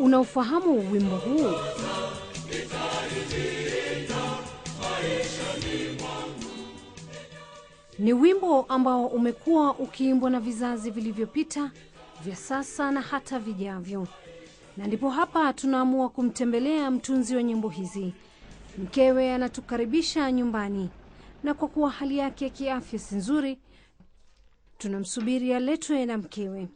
unaofahamu wimbo huu? Ni wimbo ambao umekuwa ukiimbwa na vizazi vilivyopita, vya sasa na hata vijavyo, na ndipo hapa tunaamua kumtembelea mtunzi wa nyimbo hizi. Mkewe anatukaribisha nyumbani, na kwa kuwa hali yake ya kiafya si nzuri, tunamsubiri aletwe na mkewe.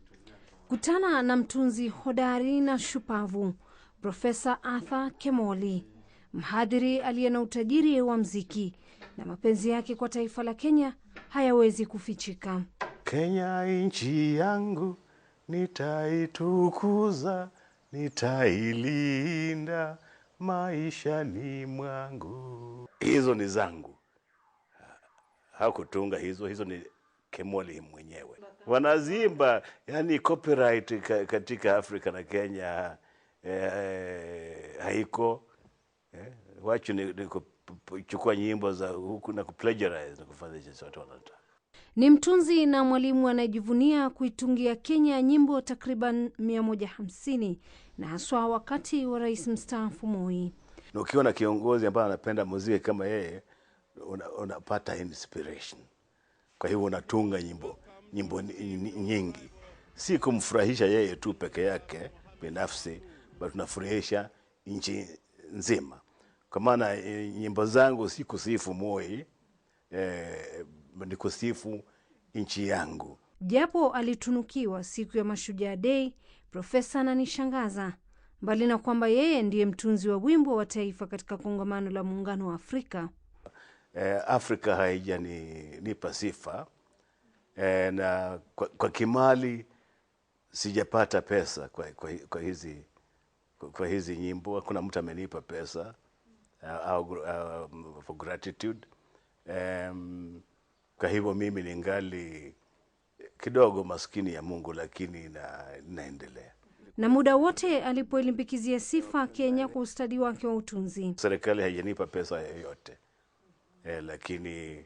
Kutana na mtunzi hodari na shupavu Profesa Arthur Kemoli, mhadhiri aliye na utajiri wa mziki na mapenzi yake kwa taifa la Kenya hayawezi kufichika. Kenya nchi yangu, nitaitukuza, nitailinda maisha ni mwangu. Hizo ni zangu, hakutunga hizo, hizo ni Kemoli mwenyewe wanaziimba yani copyright katika Afrika na Kenya eh, eh haiko eh, wachu ni, ni kuchukua nyimbo za huku na kuplegiarize na kufanya jinsi watu wanataka. Ni mtunzi na mwalimu anayejivunia kuitungia Kenya nyimbo takriban 150 na haswa wakati wa rais mstaafu Moi. ukiwa na kiongozi ambaye anapenda muziki kama yeye, unapata una inspiration, kwa hivyo unatunga nyimbo nyimbo nyingi, si kumfurahisha yeye tu peke yake binafsi, bali tunafurahisha nchi nzima. Kwa maana eh, nyimbo zangu si kusifu Moi eh, ni kusifu nchi yangu. Japo alitunukiwa siku ya Mashujaa Dei, Profesa ananishangaza mbali na kwamba yeye ndiye mtunzi wa wimbo wa taifa katika kongamano la muungano wa Afrika. Eh, Afrika haijanipa sifa e, na kwa, kwa kimali sijapata pesa kwa, kwa, kwa hizi kwa, kwa hizi nyimbo. Hakuna mtu amenipa pesa eh, au uh, for gratitude um, kwa hivyo mimi ngali kidogo maskini ya Mungu, lakini na, naendelea na muda wote alipoilimbikizia sifa Kenya kwa ustadi wake wa utunzi. Serikali haijanipa pesa yoyote eh, lakini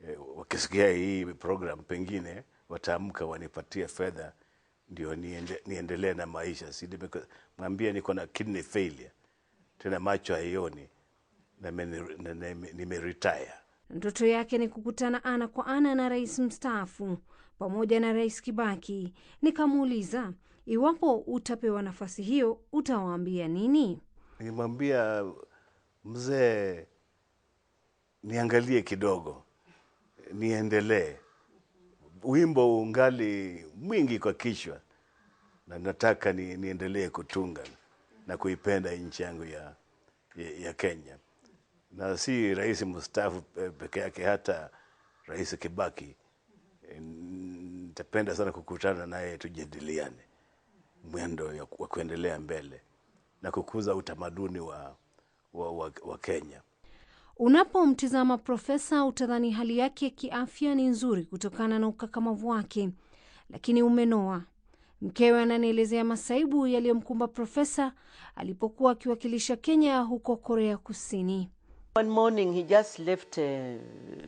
Eh, wakisikia hii program pengine wataamka wanipatie fedha ndio niende, niendelee na maisha. Si nimwambia niko na kidney failure tena macho haioni na nimeretire. Ndoto yake ni kukutana ana kwa ana na rais mstaafu pamoja na rais Kibaki. Nikamuuliza iwapo utapewa nafasi hiyo utawaambia nini? Nimwambia mzee, niangalie kidogo niendelee. Wimbo ungali mwingi kwa kichwa, na nataka ni, niendelee kutunga na kuipenda nchi yangu ya, ya, ya Kenya, na si rais mustafu peke yake, hata Rais Kibaki nitapenda sana kukutana naye tujadiliane mwendo wa kuendelea mbele na kukuza utamaduni wa, wa, wa, wa Kenya. Unapomtizama profesa utadhani hali yake ya kiafya ni nzuri kutokana na ukakamavu wake, lakini umenoa. Mkewe ananielezea masaibu yaliyomkumba profesa alipokuwa akiwakilisha Kenya huko Korea Kusini. One morning he just left uh,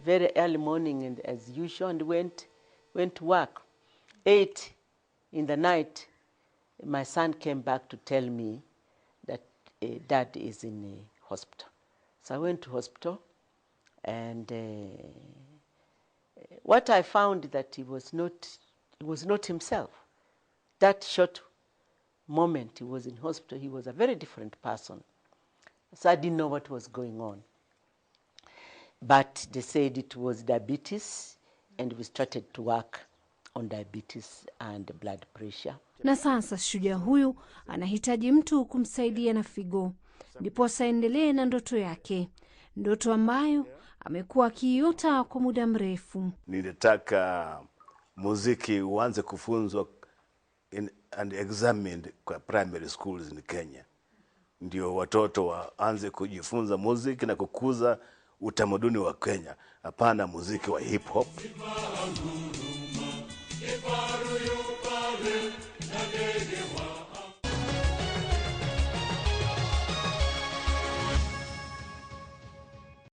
very early morning and as usual and went, went to work. Eight in the night my son came back to tell me that uh, dad is in uh, hospital. So I went to hospital and uh, what I found that he was not he was not himself. That short moment he was in hospital, he was a very different person. So I didn't know what was going on. But they said it was diabetes and we started to work on diabetes and blood pressure. Na sasa shujaa huyu anahitaji mtu kumsaidia na figo ndipo asaendelee na ndoto yake, ndoto ambayo amekuwa akiiota kwa muda mrefu. Nilitaka muziki uanze kufunzwa in, and examined kwa primary schools in Kenya, ndio watoto waanze kujifunza muziki na kukuza utamaduni wa Kenya, hapana muziki wa hip hop.